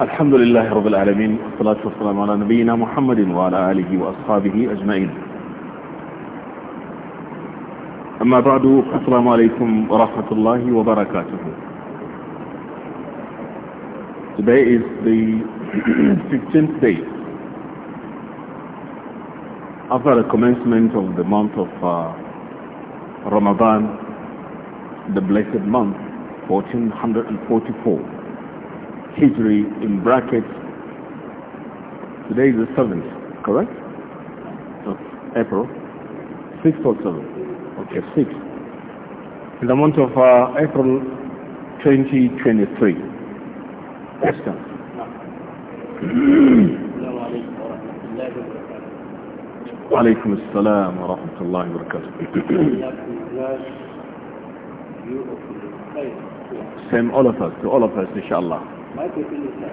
الحمد لله رب العالمين والصلاة والسلام على نبينا محمد وعلى آله وأصحابه أجمعين أما بعد السلام عليكم ورحمة الله وبركاته Today is the 15th day after the commencement of the month of uh, Ramadan, the blessed month 1444 Hijri in brackets. Today is the 7th, correct? Of April. 6th or 7th? Okay, 6th. In the month of uh, April 2023. Yes, sir. وعليكم السلام ورحمة الله وبركاته. Same all of us, to all of us, inshallah. My question is that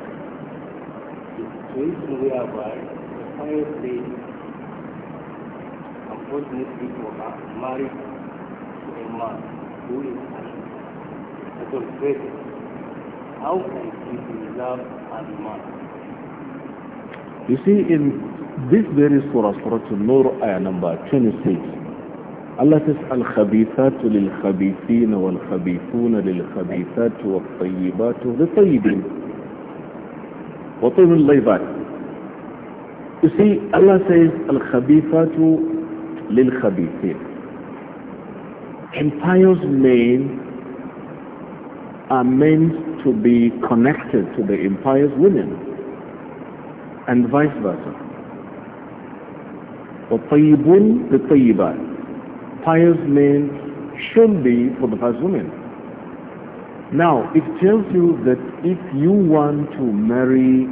the situation whereby the fire say, unfortunately, you are married to a man who is adulterated. How can she preserve her man? You see, in this very surah, Surah for to ayah number 26. الله تسأل خبيثات للخبيثين والخبيثون للخبيثات والطيبات للطيبين وطيب الليبات يسي الله Allah says, للخبيثين Empires men are meant to be connected to the empire's women and vice versa. وطيبون لِلطَّيِّبَاتِ pious men should be for the pious women. Now, it tells you that if you want to marry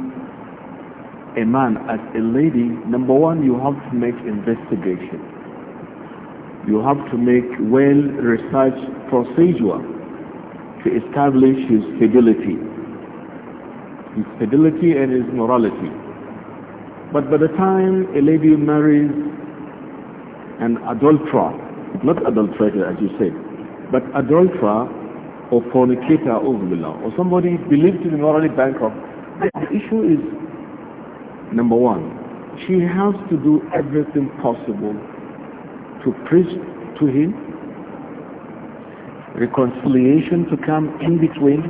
a man as a lady, number one, you have to make investigation. You have to make well-researched procedure to establish his fidelity. His fidelity and his morality. But by the time a lady marries an adulterer, not adulterer, as you said, but adulterer or fornicator or somebody believed to be morally bankrupt. The issue is, number one, she has to do everything possible to preach to him, reconciliation to come in between,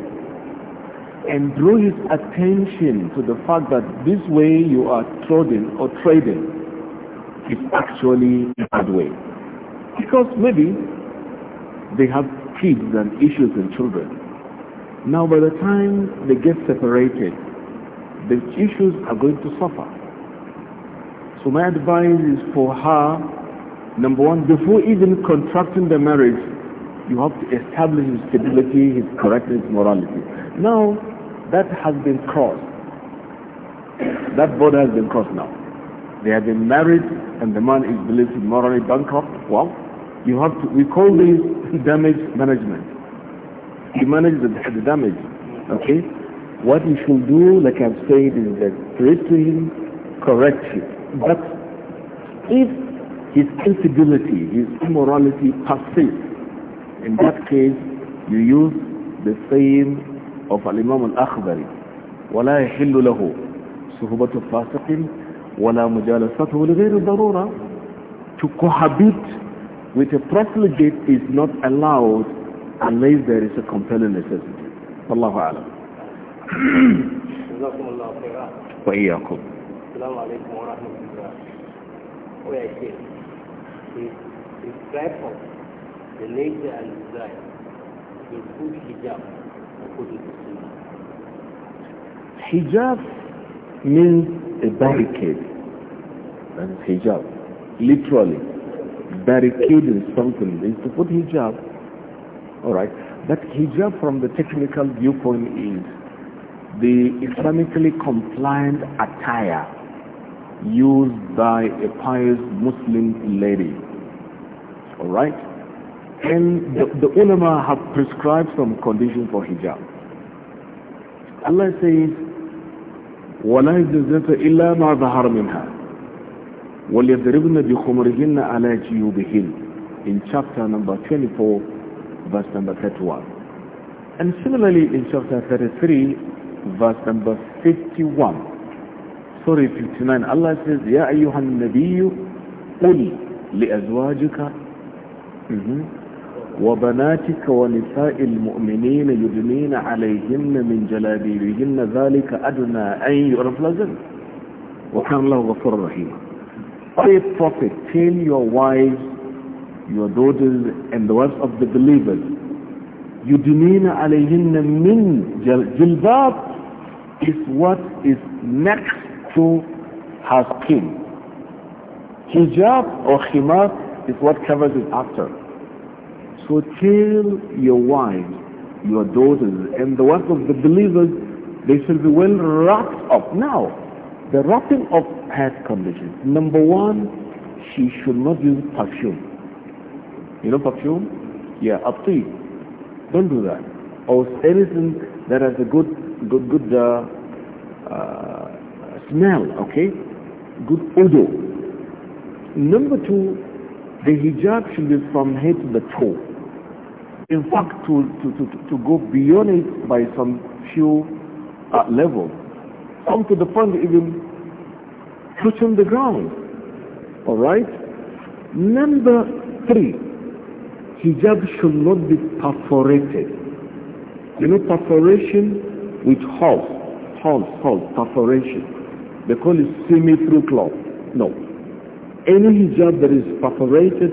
and draw his attention to the fact that this way you are trading or trading is actually a bad way. Because maybe they have kids and issues and children. Now by the time they get separated, the issues are going to suffer. So my advice is for her, number one, before even contracting the marriage, you have to establish his stability, his correctness, morality. Now, that has been crossed. That border has been crossed now. They have been married and the man is believed to be morally bankrupt. Well, you have to, we call this damage management. You manage the, the damage, okay? What you should do, like I've said, is that pray to him, correct him. But if his infidelity, his immorality persists, in that case, you use the saying of Al-Imam Al-Akhbari, وَلَا يَحِلُّ لَهُ صُحُبَةُ فَاسِقٍ وَلَا مُجَالَسَتُهُ لِغَيْرِ ضَرُورَةٍ To cohabit with a profligate is not allowed unless there is a compelling necessity. Allahu Alam. وإياكم السلام عليكم ورحمة الله ويأتي the stripe of the nature and desire is good hijab according to Sunnah. Hijab means a barricade. That is hijab, literally barricade in something is to put hijab. All right. That hijab from the technical viewpoint is the Islamically compliant attire used by a pious Muslim lady. All right? And the, the ulama have prescribed some conditions for hijab. Allah says, وَلَا يَجْزَتَ إِلَّا مَا ظَهَرَ مِنْهَا وَلْيَضْرِبْنَ بِخُمُرِهِنَّ عَلَى جِيُوبِهِنَّ in chapter number 24, verse number 31. And similarly in chapter 33, verse number 51. Sorry, 59. Allah says, يَا أَيُّهَا النَّبِيُّ قُلْ لِأَزْوَاجِكَ وبناتك ونساء المؤمنين يدنين عليهن من جلابيبهن ذلك أدنى أن لزن وكان الله غفور رحيما Say, prophet, tell your wives, your daughters, and the wives of the believers, يُدْنِينَ عَلَيْهِنَّ مِنْ جِلْبَابٍ is what is next to her skin. Hijab or khimar is what covers it after. So tell your wives, your daughters, and the wives of the believers, they shall be well wrapped up now the wrapping of head condition. Number one, she should not use perfume. You know perfume? Yeah, up to you. Don't do that. Or anything that has a good, good, good uh, uh, smell, okay? Good odor. Number two, the hijab should be from head to the toe. In fact, to, to, to, to go beyond it by some few uh, levels come to the point even touching the ground. Alright? Number three, hijab should not be perforated. You know perforation with holes, holes, holes, perforation. They call it semi-through cloth. No. Any hijab that is perforated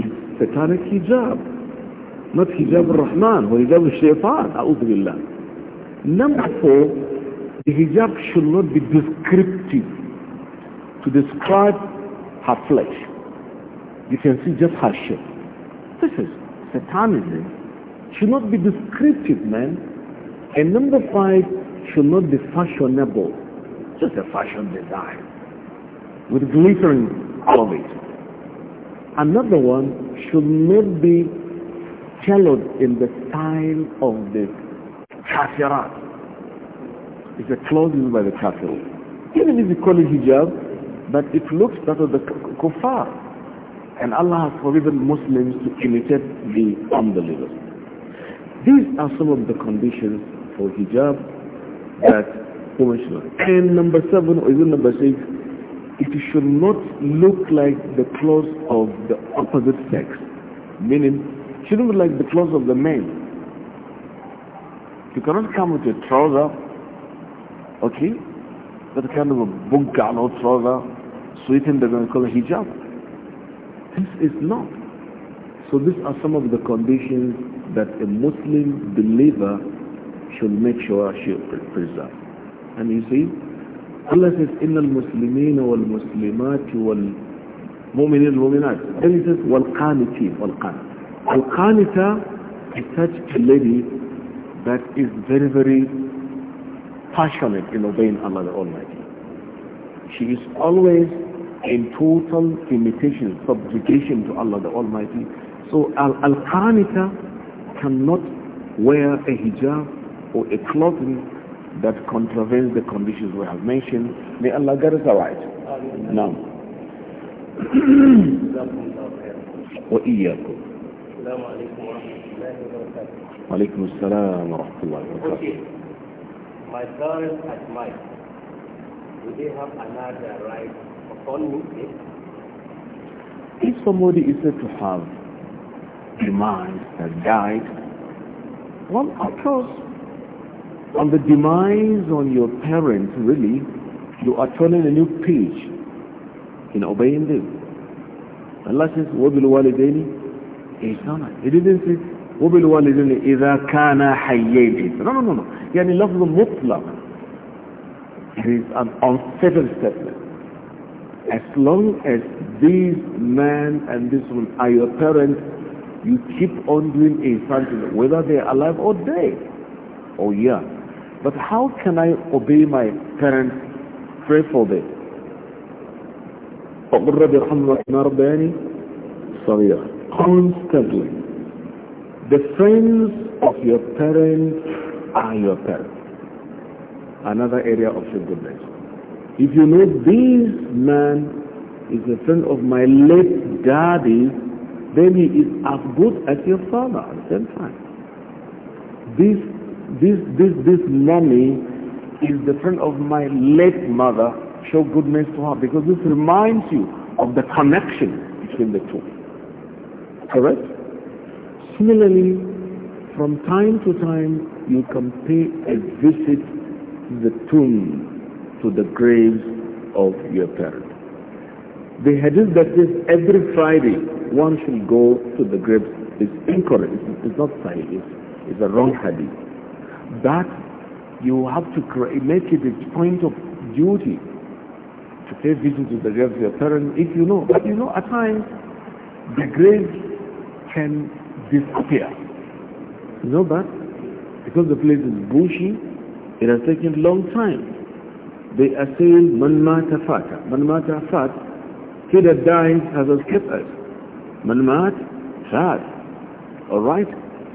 is satanic hijab. Not hijab al-Rahman or hijab al-Shaytan. Number four, the hijab should not be descriptive to describe her flesh. You can see just her shape. This is satanism. Should not be descriptive, man. And number five, should not be fashionable. Just a fashion design. With glittering all of it. Another one should not be tailored in the style of the kafirat it's a clothing by the kafir. Even if you call it hijab, but it looks that of the kuffar. And Allah has forbidden Muslims to imitate the unbelievers. These are some of the conditions for hijab that women should not. And number seven, or even number six, it should not look like the clothes of the opposite sex. Meaning, shouldn't look like the clothes of the men. You cannot come with a trouser okay that kind of a bunka and trouser sweeten they're going to call a hijab this is not so these are some of the conditions that a Muslim believer should make sure she preserves and you see Allah says إن المسلمين والمسلمات والمؤمنين والمؤمنات Then he says والقانتين والقانت القانتة is such a lady that is very very passionate in obeying Allah the Almighty. She is always in total imitation, subjugation to Allah the Almighty. So Al-Qaranita cannot wear a hijab or a clothing that contravenes the conditions we have mentioned. May Allah guide us aright. Now. وإياكم السلام عليكم ورحمة الله وبركاته وعليكم السلام ورحمة الله وبركاته my parents at mine, do they have another right upon me? If somebody is said to have demise that died, well, of course, on the demise on your parents, really, you are turning a new page in obeying them. Allah says, وَبِالْوَالِدَيْنِ إِحْسَانًا He didn't say, وَبِالْوَالِدَيْنِ إِذَا كَانَ حَيَّيْنِ No, no, no, no. يعني لفظ مطلق it is an unsettled statement as long as this man and this woman are your parents you keep on doing a something whether they are alive or dead or oh, yeah but how can I obey my parents pray for them constantly the friends of your parents are your parents. Another area of forgiveness. If you know this man is a friend of my late daddy, then he is as good as your father at the same time. This, this, this, this mommy is the friend of my late mother. Show goodness to her because this reminds you of the connection between the two. Correct? Similarly, from time to time, you can pay a visit to the tomb, to the graves of your parents. The hadith that says every Friday one should go to the graves is incorrect. It's, not sahih. It's, it's a wrong hadith. That you have to make it a point of duty to pay visit to the graves of your parents if you know. But you know, at times, the graves can disappear. You know that? because the place is bushy, it has taken a long time. They are saying, Man mata fata. Man mata fat. He that dies has escaped us. Man mat fat. Alright?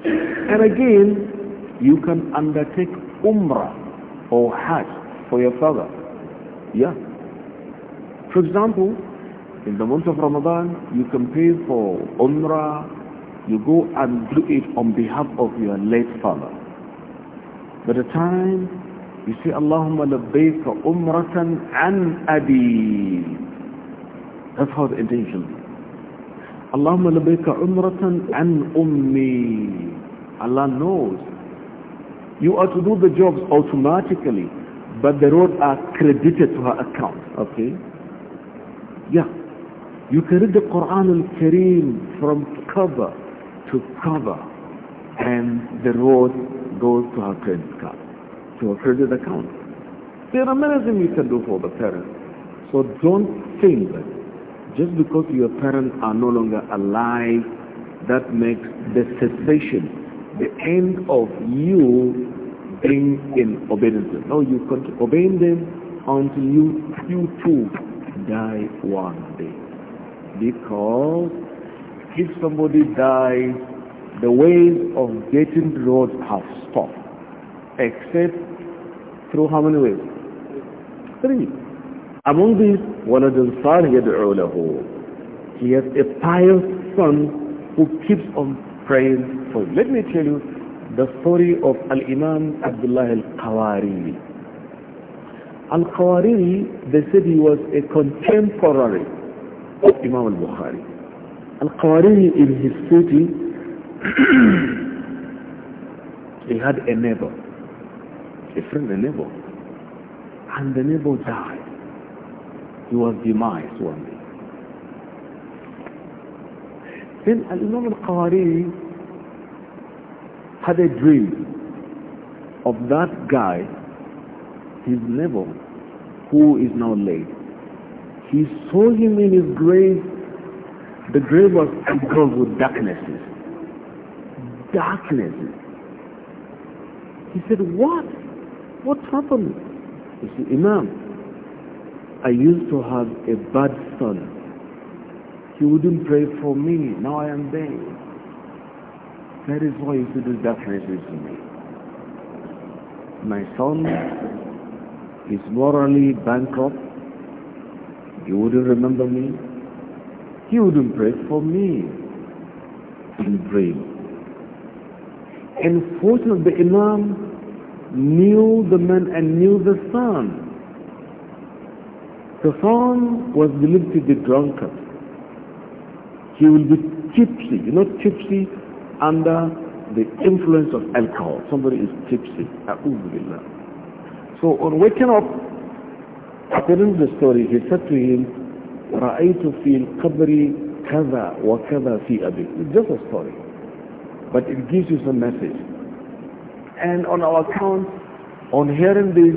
And again, you can undertake umrah or hajj for your father. Yeah. For example, in the month of Ramadan, you can pay for umrah, you go and do it on behalf of your late father. By the time you see, Allahumma labbayka umratan an abi. That's how the intention Allahumma labbayka umratan an ummi. Allah knows. You are to do the jobs automatically, but the roads are credited to her account. Okay? Yeah. You can read the Quran al-Kareem from cover to cover and the road goes to her credit card, to her credit account. There are many things you can do for the parents. So don't think that just because your parents are no longer alive, that makes the cessation, the end of you being in obedience. No, you can obeying them until you, you too die one day. Because if somebody dies the ways of getting roads have stopped, except through how many ways? Three. Among these, the صَالِحٌ of Allah, He has a pious son who keeps on praying for him. Let me tell you the story of Al-Imam Abdullah Al-Qawariri. Al-Qawariri, they said he was a contemporary of Imam Al-Bukhari. Al-Qawariri in his city he had a neighbor, a friend, a neighbor, and the neighbor died. He was demised one day. Then Al-Imam al-Qawari had a dream of that guy, his neighbor, who is now laid. He saw him in his grave. The grave was covered with darknesses darkness. He said, what? What happened? He said, Imam, I used to have a bad son. He wouldn't pray for me. Now I am dead. That is why he said this darkness is in me. My son is morally bankrupt. He wouldn't remember me. He wouldn't pray for me. In pray." And fortunately, the Imam knew the man and knew the son. The son was believed to be drunkard. He will be tipsy, you know, tipsy under the influence of alcohol. Somebody is tipsy. So on waking up, according to the story, he said to him, رأيت في القبر كذا وكذا في أبي. It's just a story but it gives you some message. And on our account, on hearing this,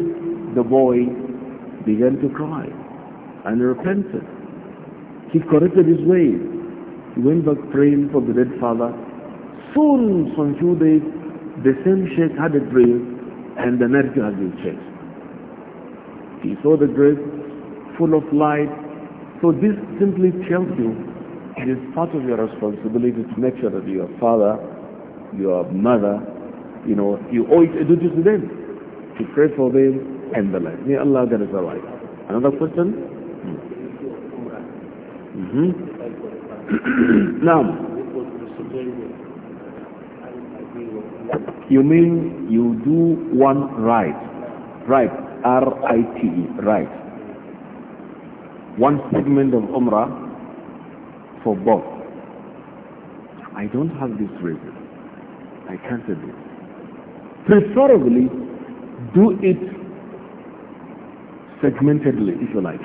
the boy began to cry and repented. He corrected his ways. He went back praying for the dead father. Soon, some few days, the same sheikh had a dream and the nephew had been chased. He saw the grave full of light. So this simply tells you it is part of your responsibility to make sure that your father your mother, you know, you owe it a duty to them to pray for them and the like. May Allah get us right. Another question? Mm -hmm. now, you mean you do one right, right, R-I-T-E, right. One segment of Umrah for both. I don't have this reason. I cancel it. Preferably, do it segmentedly, if you like,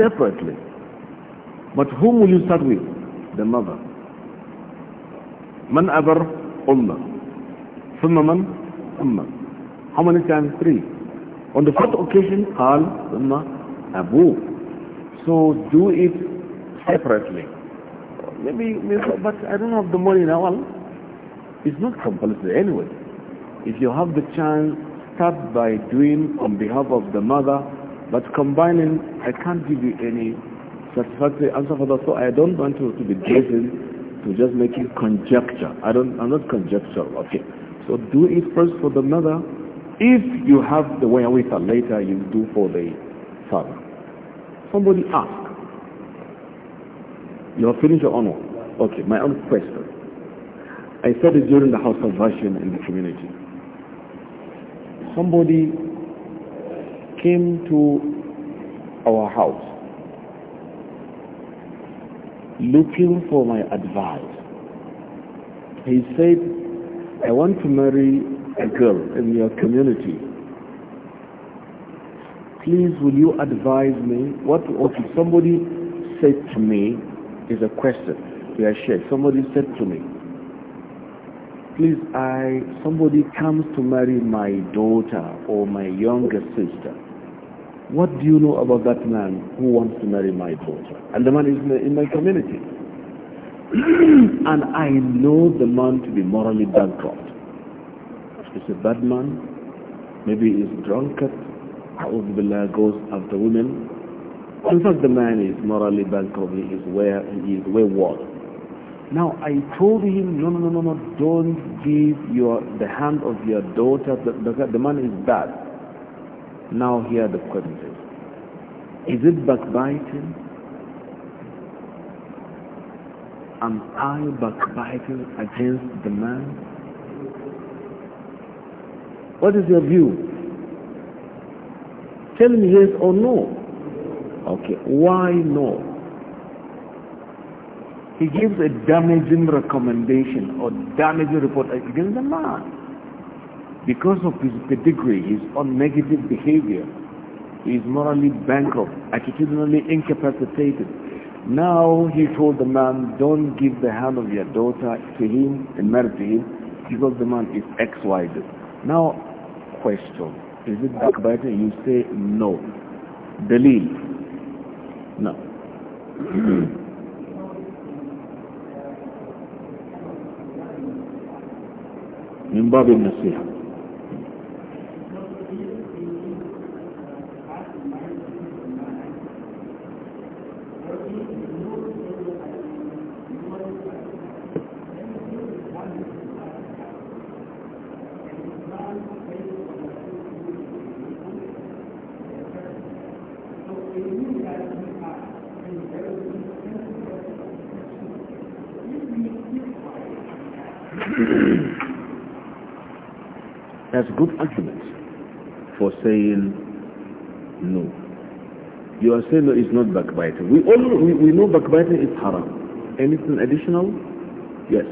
separately. But whom will you start with? The mother. Man abar umma. Thumma man umma. How many times? Three. On the fourth occasion, qal umma abu. So do it separately. Maybe, maybe but I don't have the money now. It's not compulsory anyway. If you have the chance, start by doing on behalf of the mother, but combining, I can't give you any satisfactory answer for that, so I don't want you to be guessing, to just making conjecture. I don't, I'm not conjectural, okay. So do it first for the mother. If you have the way wherewithal later, you do for the father. Somebody ask. You have finished your own one. Okay, my own question. I said it during the house conversion in the community. Somebody came to our house looking for my advice. He said, I want to marry a girl in your community. Please, will you advise me? What, what somebody said to me is a question. sure Somebody said to me, please I somebody comes to marry my daughter or my younger sister. What do you know about that man who wants to marry my daughter? And the man is in, the, in my community. and I know the man to be morally bankrupt. He's a bad man. Maybe he's drunkard. Billah goes after women. In fact, the man is morally bankrupt. He is where he is wayward. Now I told him, no, no, no, no, don't give your, the hand of your daughter, the, the, the man is bad. Now here the question is, is it backbiting? Am I backbiting against the man? What is your view? Tell me yes or no. Okay, why no? he gives a damaging recommendation or damaging report against the man because of his pedigree, his own negative behavior. He is morally bankrupt, attitudinally incapacitated. Now he told the man, don't give the hand of your daughter to him and marry to him because the man is ex-wife. Now, question, is it backbiting? You say no. Delete. No. من باب النصيحة say no. It's not backbiting. We all we, we know backbiting is haram. Anything additional? Yes.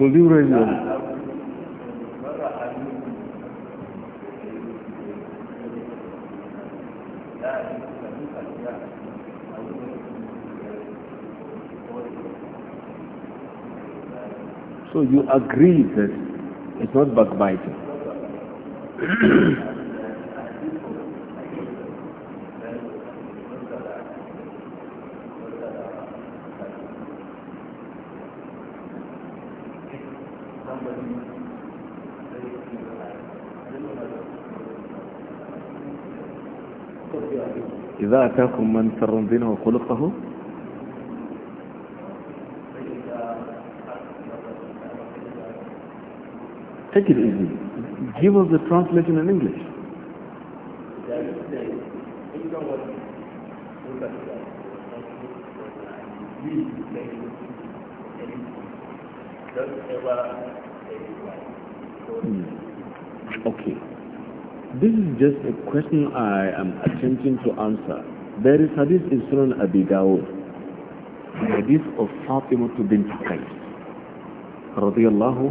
So you agree that it's not backbiting. إذا أتاكم من سر دينه وخلقه take it easy give us the translation in English just a question I am attempting to answer. There is hadith in Sunan Abi Dawud, the hadith of Fatima bint Qais, radiallahu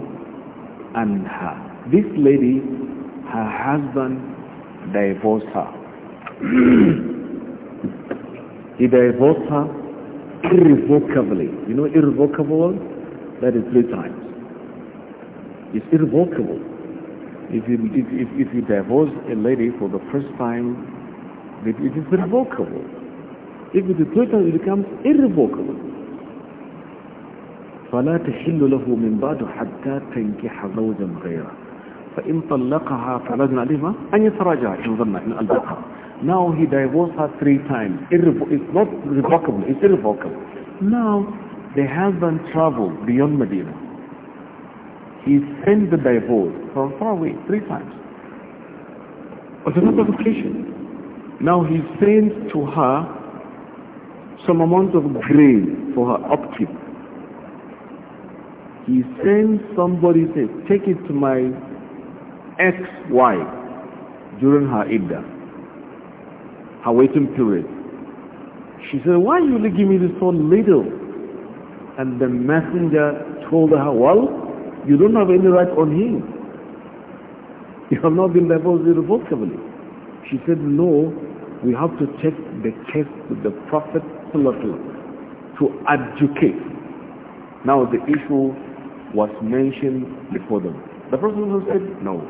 anha. This lady, her husband divorced her. he divorced her irrevocably. You know irrevocable? That is three times. It's irrevocable if you, if, if, if you divorce a lady for the first time, it is revocable. If it is two times, it becomes irrevocable. فلا تحل له من بعد حتى تنكح زوجا غيره فإن طلقها فلازم عليهما أن يتراجع إن ظن إن البقرة now he divorced her three times it's not revocable it's irrevocable now the husband traveled beyond Medina he sent the divorce from far away three times. But another occasion. Now he sent to her some amount of grain for her upkeep. He sent somebody says, take it to my ex-wife during her iddah, her waiting period. She said, why you give me this so little? And the messenger told her, well, you don't have any right on him. You have not been divorced irrevocably. She said, no, we have to take the case to the Prophet to adjudicate. Now the issue was mentioned before them. The Prophet said, no,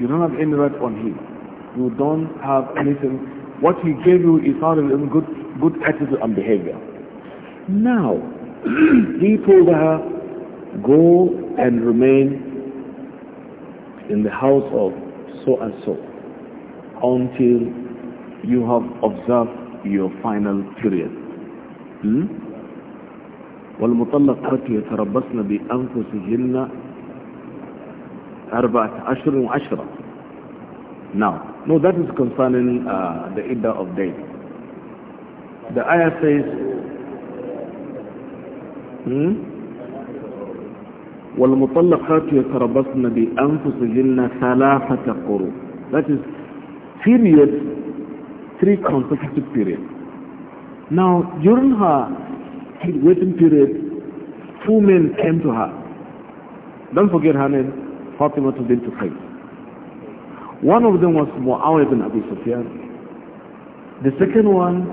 you don't have any right on him. You don't have anything. What he gave you is not even good, good attitude and behavior. Now, he told her, go and remain in the house of so and so until you have observed your final period. Hmm? والمطلقات يتربصن بأنفسهن أربعة أشهر وعشرة Now, no, that is concerning uh, the Idda of day. The ayah says, hmm? وَالْمُطَلَّقَاتُ يَتَرَبَّصْنَ بِأَنفُسِهِنَّ ثَلَاثَةَ قُرُوءٍ That is, period, three consecutive periods. Now, during her waiting period, two men came to her. Don't forget her name, Fatima bint Qais. One of them was Muawiyah bin Abu Sufyan. The second one,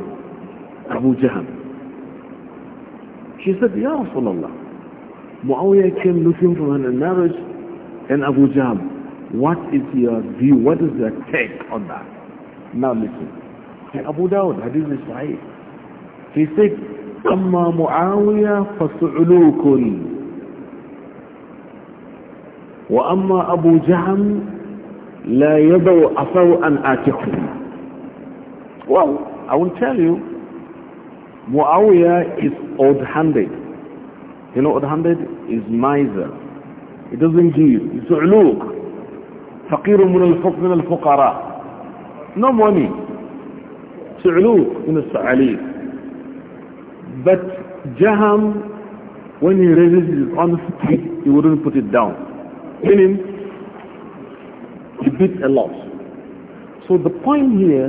Abu Jaham. She said, Ya Rasulullah, Muawiyah came looking for an marriage and Abu Jahl. What is your view? What is your take on that? Now listen. In Abu Dawud, Hadith is Sahih. He said, أما معاوية فسعلوك وأما أبو جهم لا يضع أفو أن آتكم Well, I will tell you, Muawiyah is old-handed. You know what 100 is miser. It doesn't give. It's uluk. فقير من الفقراء no money سعلوك من السعاليك but Jaham when he raises his own feet he wouldn't put it down meaning he beat a lot so the point here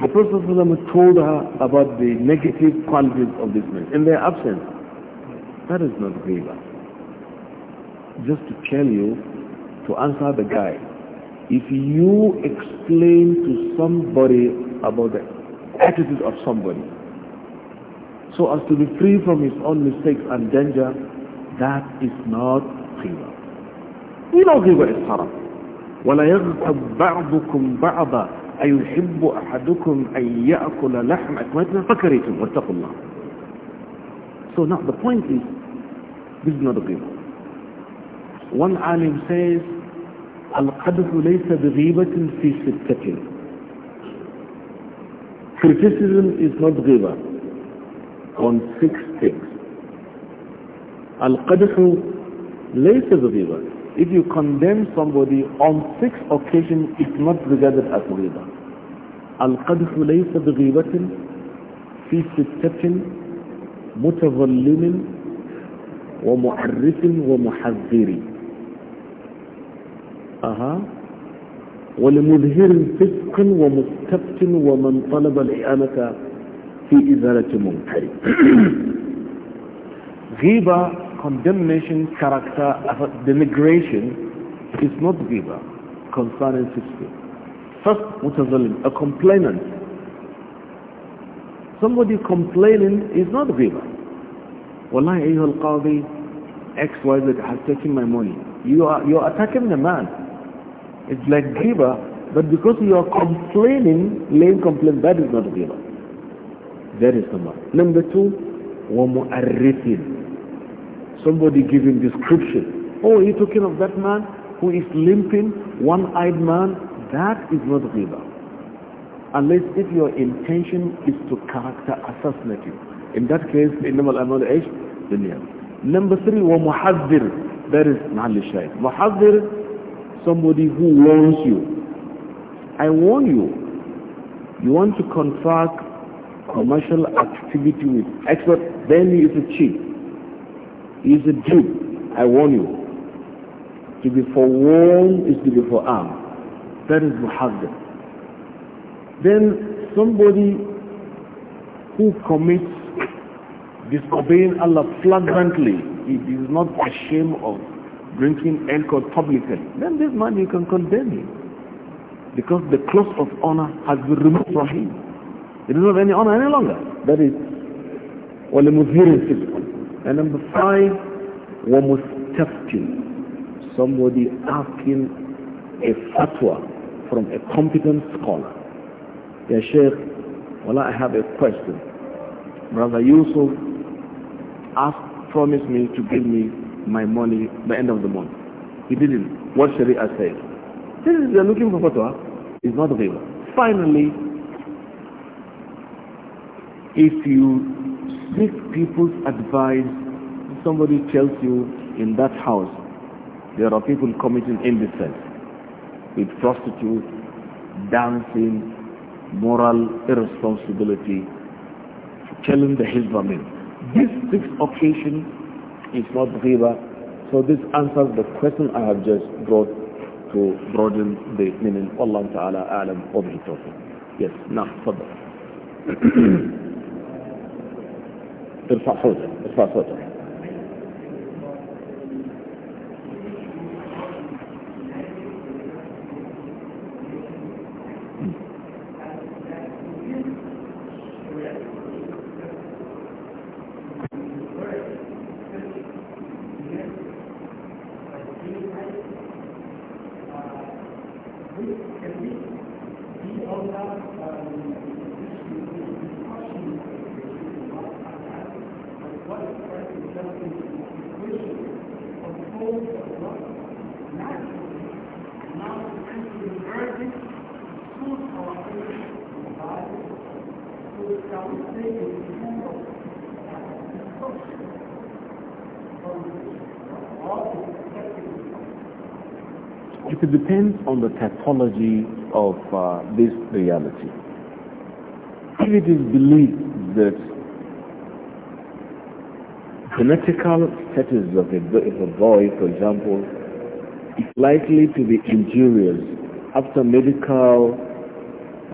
the Prophet told her about the negative qualities of this man in their absence that is not riba. Just to tell you, to answer the guy, if you explain to somebody about the attitude of somebody, so as to be free from his own mistakes and danger, that is not riba. We know riba is haram. ولا يغتب بعضكم بعضا أيحب أحدكم أن يأكل لحم أكمتنا فكريتم واتقوا الله. So now the point is This is not riba. One alim says, القدح ليس بغيبة في ستة. Criticism is not غيبة on six things. القدح ليس بغيبة. If you condemn somebody on six occasions, it's not regarded as غيبة القدح ليس بغيبة في ستة متظلم wa mu'arrifin wa muhazziri aha wal muzhirin fiskin wa mustaftin wa man talaba al'anata fi izalati munkari ghiba condemnation character denigration is not ghiba concerning fiskin first mutazalim a complainant somebody complaining is not ghiba Wallahi, Al القاضي, XYZ has taken my money. You are, you are attacking the man. It's like riba, but because you are complaining, lame complaint, that is not riba. That is number. Number two, ومؤرثين. Somebody giving description. Oh, you're talking of that man who is limping, one-eyed man. That is not riba. Unless if your intention is to character assassinate you. In that case, إنما الأعمال إيش؟ بالنيات. Number three, ومحذر. That is محل الشاهد. محذر, somebody who warns you. I warn you. You want to contract commercial activity with expert, then he is a cheat. He is a dupe. I warn you. To be forewarned is to be forearmed. That is muhaddith. Then somebody who commits disobeying Allah flagrantly, if he is not ashamed of drinking alcohol publicly, then this man you can condemn him. Because the cloth of honor has been removed from him. He doesn't have any honor any longer. That is وَلَمُذِيرٍ And number five, وَمُسْتَفْتِنْ Somebody asking a fatwa from a competent scholar. Ya Sheikh, well I have a question. Brother Yusuf Ask, promised me to give me my money by end of the month. He didn't. What Sharia said. Since they are looking for fatwa, it's not available. Finally, if you seek people's advice, somebody tells you in that house there are people committing indecency with prostitutes, dancing, moral irresponsibility, killing the Hizbamin. This sixth occasion is not riba. So this answers the question I have just brought to broaden the meaning. Allah Ta'ala alam wa bihi tawfiq. Yes, now, تفضل. ارفع صوتك، ارفع صوتك. of uh, this reality. If it is believed that genetical status of a, of a boy, for example, is likely to be injurious after medical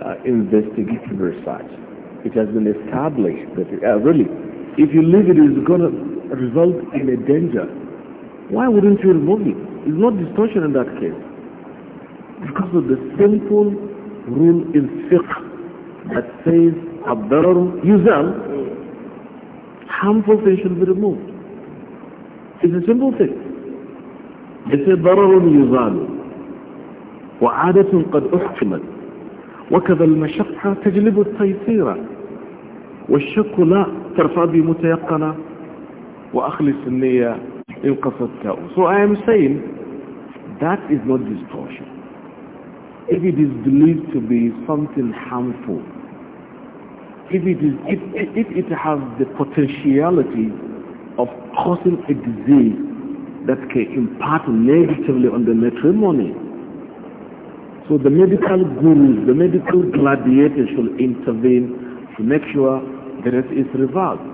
uh, investigative research. It has been established that uh, really, if you leave it, it's going to result in a danger. Why wouldn't you remove it? It's not distortion in that case. because of the simple rule in fiqh that says الضرر يزال harmful things should be removed it's a simple thing they say ضرر يزال وعادة قد أحكمت وكذا المشقة تجلب التيسير والشك لا ترفع بمتيقنة وأخلص النية إن قصدت So I am saying that is not distortion if it is believed to be something harmful, if it, is, if, if it has the potentiality of causing a disease that can impact negatively on the matrimony. So the medical gurus, the medical gladiators should intervene to make sure that it is reversed.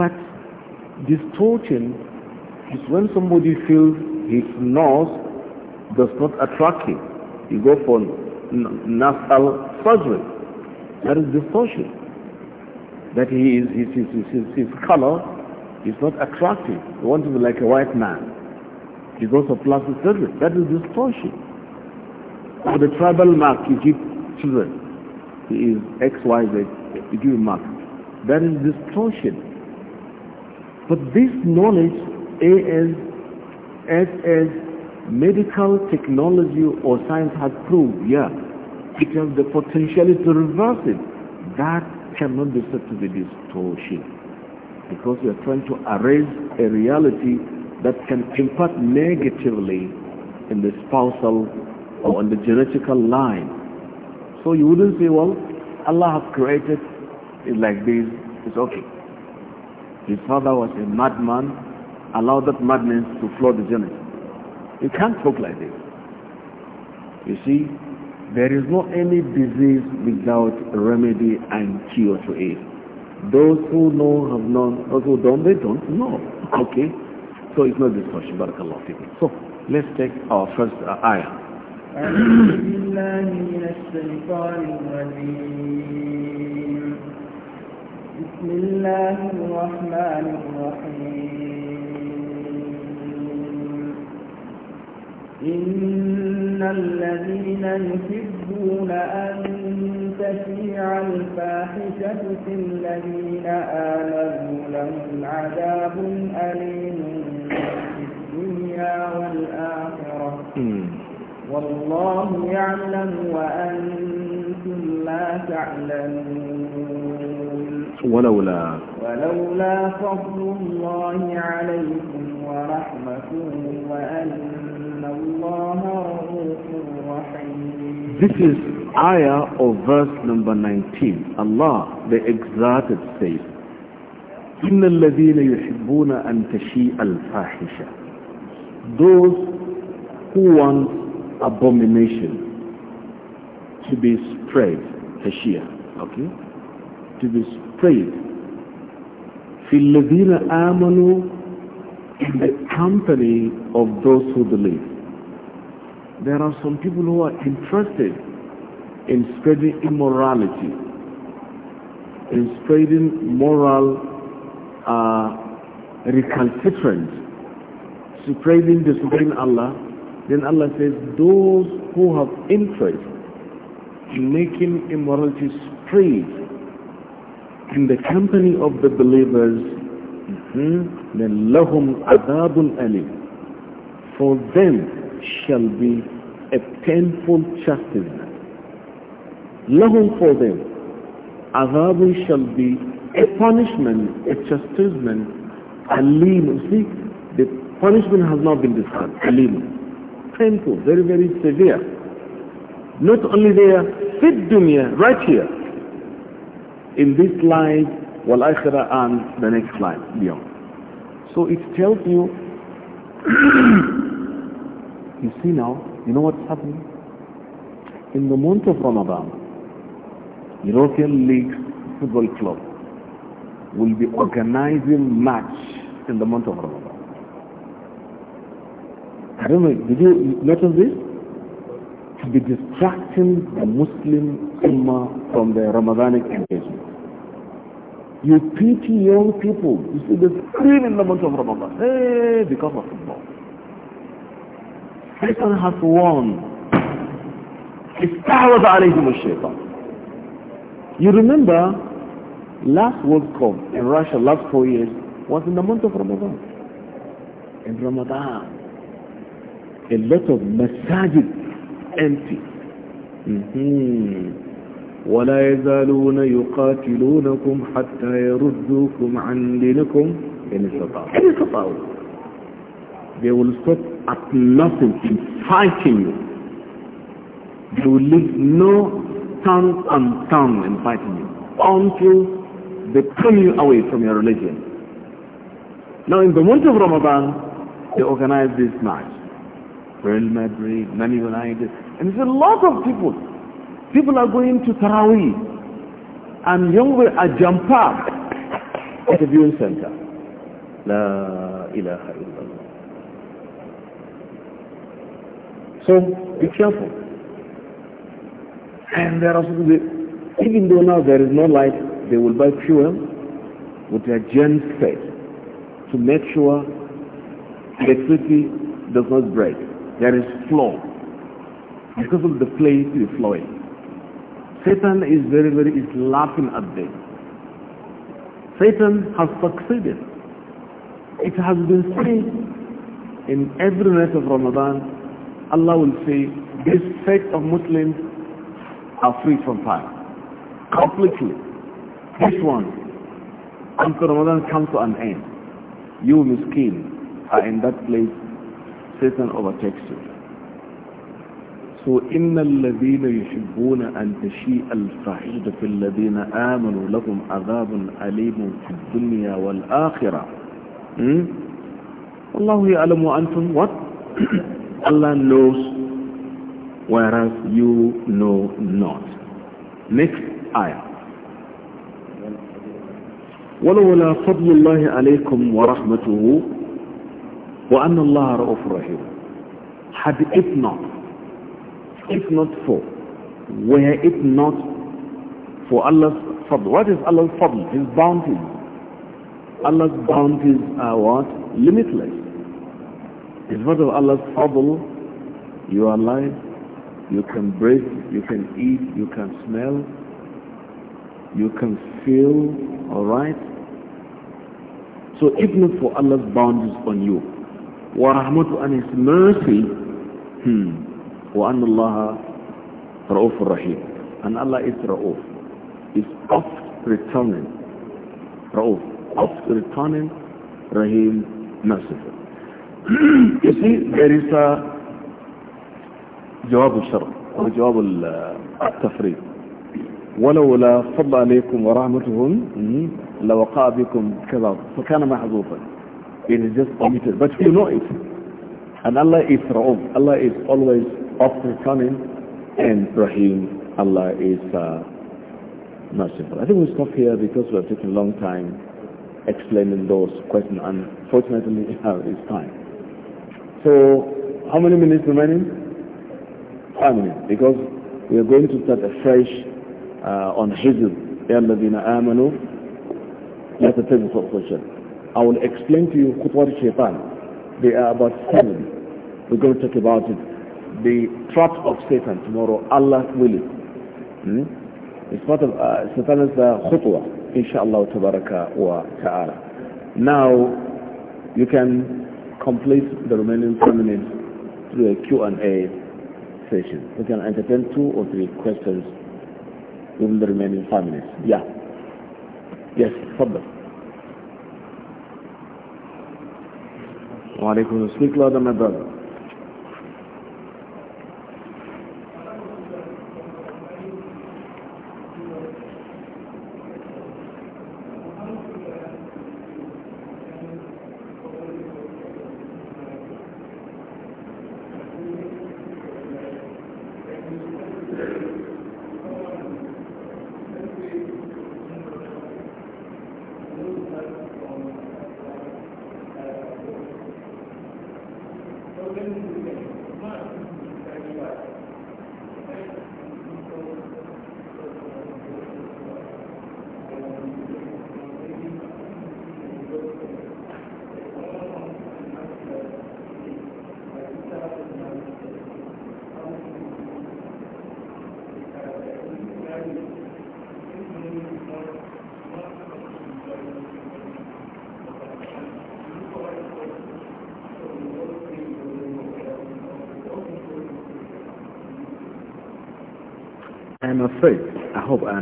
But distortion is when somebody feels his nose does not attract you. You go for nasal surgery. That is distortion. That he is, his, his, his, his color is not attractive. You want to be like a white man. He goes for plastic surgery. That is distortion. For the tribal mark, you give children. He is XYZ, you give mark. That is distortion. But this knowledge, AS, SS, medical technology or science has proved, yeah, it has the potential to reverse it. That cannot be said to be distortion because we are trying to erase a reality that can impact negatively in the spousal or on the genetical line. So you wouldn't say, well, Allah has created it like this, it's okay. His father was a madman, allow that madness to flood the genetics. You can't talk like this. You see, there is not any disease without remedy and cure to it. Those who know have known, those who don't, they don't know. Okay? So it's no discussion. Barakallahu So, let's take our first uh, ayah. بسم الله الرحمن الرحيم إن الذين يحبون أن تشيع الفاحشة في الذين آمنوا لهم عذاب أليم في الدنيا والآخرة والله يعلم وأنتم لا تعلمون ولولا ولولا فضل الله عليكم ورحمته وأن This is ayah of verse number 19. Allah, the Exalted, says, إِنَّ الَّذِينَ يُحِبُّونَ أَن تَشِيءَ الْفَاحِشَةِ Those who want abomination to be spread, tashia, okay? To be spread. فِي الَّذِينَ آمَنُوا In the company of those who believe there are some people who are interested in spreading immorality, in spreading moral uh, recalcitrance, spreading disobeying Allah. Then Allah says, those who have interest in making immorality spread in the company of the believers, hmm, then lahum adabun ali. For them, shall be a painful chastisement. Lahum for them, Azabun shall be a punishment, a chastisement, alim. See, the punishment has not been described. Alim. Painful, very, very severe. Not only there, fit dunya, right here. In this life, wal akhirah and the next life beyond. So it tells you You see now, you know what's happening? In the month of Ramadan, European League Football Club will be organizing match in the month of Ramadan. I don't know, did you notice this? To be distracting the Muslim Ummah from their Ramadanic engagement. You pity young people. You see, the scream in the month of Ramadan. Hey, because of Satan has won. استعوذ عليهم الشيطان. You remember last World Cup in Russia last four years was in the month of Ramadan. In Ramadan, a lot of masajid empty. Mm-hmm. ولا يزالون يقاتلونكم حتى يردوكم عن دينكم إن استطاعوا. They will stop at nothing in fighting you. They will leave no tongue and tongue in fighting you until they pull you away from your religion. Now in the month of Ramadan, they organize this march. Real Madrid, Man United, and there's a lot of people. People are going to Taraweeh, and young men are jumping up at the viewing center. La ilaha illallah. So be careful. And there are even though now there is no light, they will buy fuel with their gen set to make sure electricity does not break. There is flow. Because of the place is flowing. Satan is very, very is laughing at them. Satan has succeeded. It has been seen in every night of Ramadan Allah will say, this sect of Muslims are free from fire. Completely. This one, until Ramadan comes to an end, you miskin are in that place, Satan overtakes you. So, إن الذين يحبون أن تشيء الفاحشة في الذين آمنوا لهم عذاب أليم في الدنيا والآخرة. Hmm? والله يعلم وأنتم what? Allah knows, whereas you know not. Next ayah. ولولا فضل الله عليكم ورحمته وأن الله رؤوف رحيم had it not if not for were it not for Allah's fadl what is Allah's fadl his bounties Allah's bounties are what limitless it's part of Allah's fadl, you are alive, you can breathe, you can eat, you can smell, you can feel, alright? So even for Allah's bounties on you, wa rahmatu and His mercy, hmm, wa anna Allah ra'uf rahim. And Allah is ra'uf, is oft returning, ra'uf, oft returning, rahim, merciful you see, there is a جواب الشر أو جواب التفريق ولولا فضل عليكم ورحمته لوقع بكم كذا فكان محظوظا it is just permitted but you know it and Allah is Ra'um Allah is always often coming and Rahim Allah is uh, merciful I think we stop here because we have taken a long time explaining those questions unfortunately it's time so how many minutes remaining? Five minutes. Because we are going to start afresh uh, on Hizb. يَا الَّذِينَ آمَنُوا لَا تَتَّبِقُوا question. I will explain to you Khutwar Shaitan. They are about seven. We're going to talk about it. The trap of Satan tomorrow, Allah willing. Hmm? It's part of uh, Satan's uh, khutwa, inshallah tabaraka wa ta'ala. Now, you can complete the remaining two minutes through a Q&A session. We can entertain two or three questions within the remaining five minutes. Yeah. Yes, problem. وعليكم السلام ورحمة brother.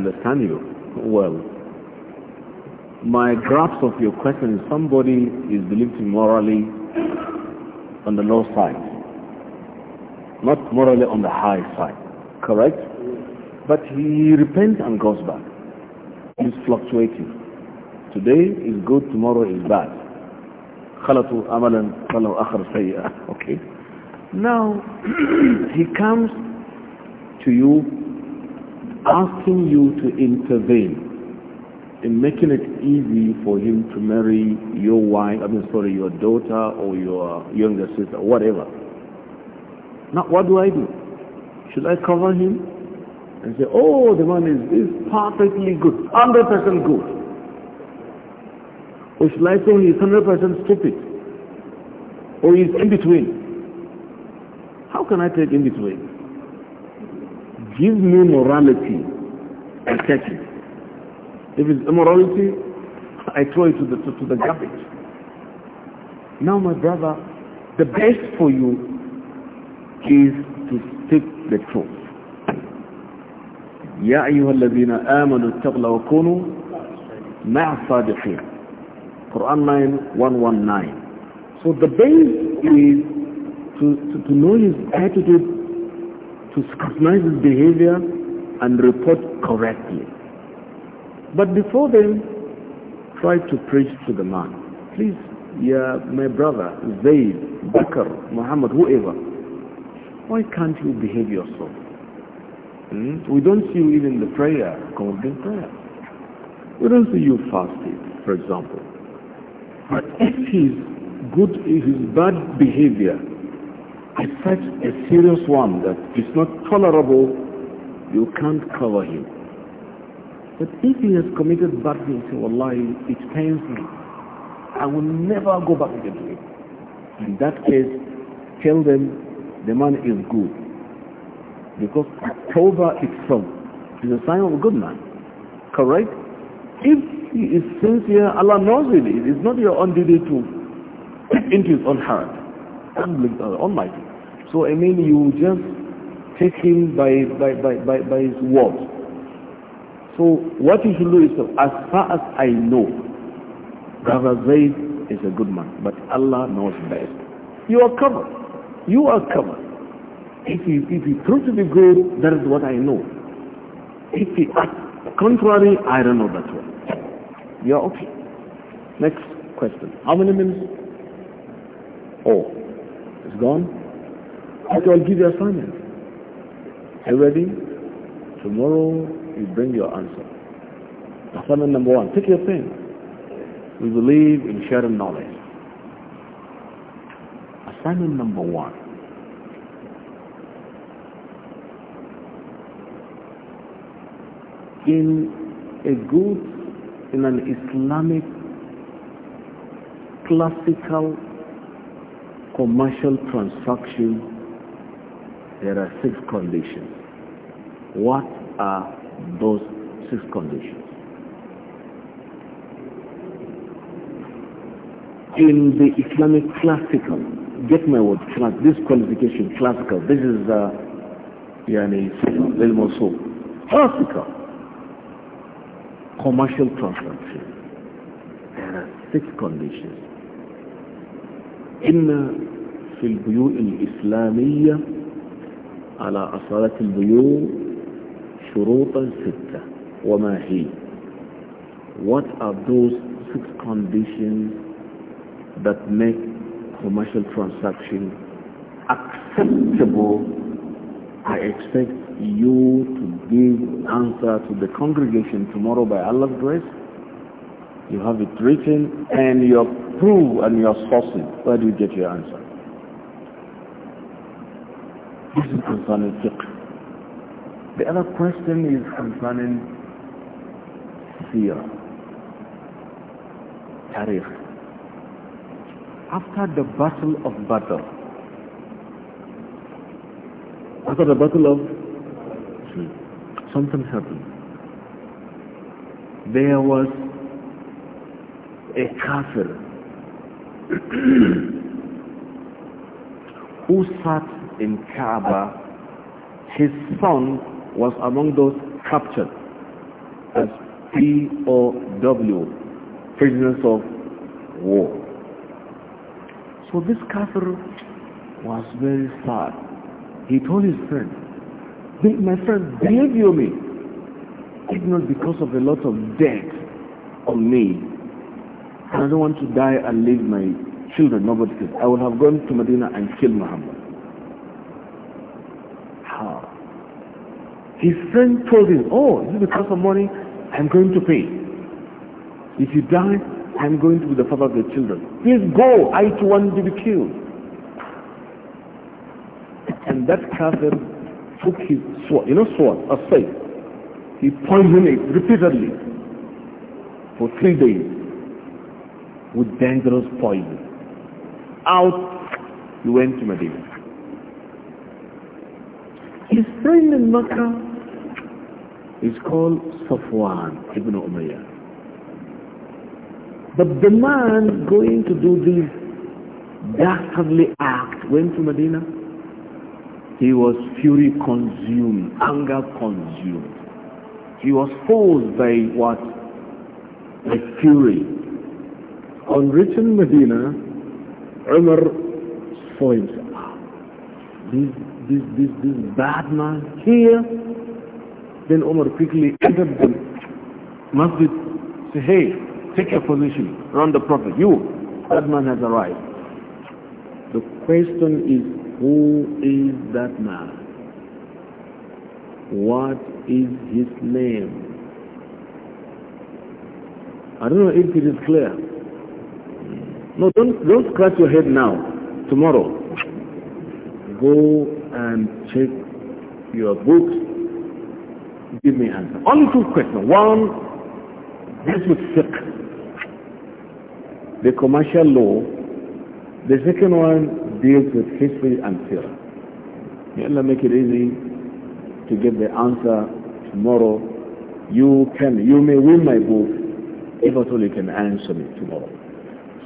understand you well. My grasp of your question is somebody is believed to be morally on the low side, not morally on the high side, correct? But he repents and goes back. He's fluctuating. Today is good, tomorrow is bad. خلطوا أملا خلوا آخر سئيا. Okay. Now, he comes to you asking you to intervene in making it easy for him to marry your wife, I mean, sorry, your daughter or your younger sister, whatever. Now, what do I do? Should I cover him and say, oh, the man is, is perfectly good, 100% good? Or should I say he's 100% stupid? Or he's in between? How can I take in between? Give me morality, I take it. If it's immorality, I throw it to the, to, to the garbage. Now, my brother, the best for you is to speak the truth. يا أيها الذين آمنوا اتقوا الله وكونوا مع الصادقين Quran 9.119 So the base is to, to, to know his attitude to scrutinize his behavior and report correctly. But before then, try to preach to the man. Please, yeah, my brother, Zayd, Bakr, Muhammad, whoever, why can't you behave yourself? Hmm? We don't see you even the prayer, congregant prayer. We don't see you fasting, for example. But if his good, his bad behavior I such a serious one that it's not tolerable, you can't cover him. But if he has committed bad things, Allah, it pains me. I will never go back again to him. In that case, tell them the man is good. Because October itself is a sign of a good man. Correct? If he is sincere, Allah knows it. It is not your own duty to put into his own heart. Almighty. Uh, so I mean you just take him by, by, by, by, by his word. So what you should do is, as far as I know, Brother Zaid is a good man, but Allah knows best. You are covered. You are covered. If he, if he proves to be good, that is what I know. If he contrary, I don't know that one. You are okay. Next question. How many minutes? Oh. It's gone. Okay, I'll give you assignment. Are you ready? Tomorrow you bring your answer. Assignment number one. Take your pen. We believe in sharing knowledge. Assignment number one. In a good, in an Islamic classical commercial transaction, there are six conditions. What are those six conditions? In the Islamic classical, get my word, this qualification, classical, this is the uh, yani, so classical commercial transaction. There are six conditions. إن في البيوء الإسلامية على أصالة البيوء شروطا ستة وما هي What are those six conditions that make commercial transaction acceptable I expect you to give answer to the congregation tomorrow by Allah's grace You have it written and your proof and your sourcing. Where do you get your answer? This is concerning fiqh. The other question is concerning seerah, tarikh. After the battle of Badr, after the battle of something happened. There was a kafir who sat in Kaaba, his son was among those captured as POW, prisoners of war. So this kafir was very sad. He told his friend, my friend, believe you me, it's not because of a lot of debt on me and I don't want to die and leave my children, nobody could. I would have gone to Medina and killed Muhammad. How? His friend told him, oh, this is because of money, I'm going to pay. If you die, I'm going to be the father of your children. Please go, I too want to be killed. And that cousin took his sword, you know sword, a spade. He poisoned it repeatedly for three days with dangerous poison. Out, he went to Medina. His friend in Mecca is called Safwan ibn Umayyah. But the man going to do this dastardly act went to Medina. He was fury consumed, anger consumed. He was forced by what? By fury on reaching Medina, Umar saw himself. Ah, this, this, this, this bad man here. Then Umar quickly entered the masjid. Say, hey, take your position around the Prophet. You, that man has arrived. The question is, who is that man? What is his name? I don't know if it is clear. No, don't, don't scratch your head now. Tomorrow, go and check your books. Give me an answer. Only two questions. One, this with fiqh, the commercial law. The second one deals with history and theory. May Allah make it easy to get the answer tomorrow. You can, you may win my book if at all you can answer me tomorrow.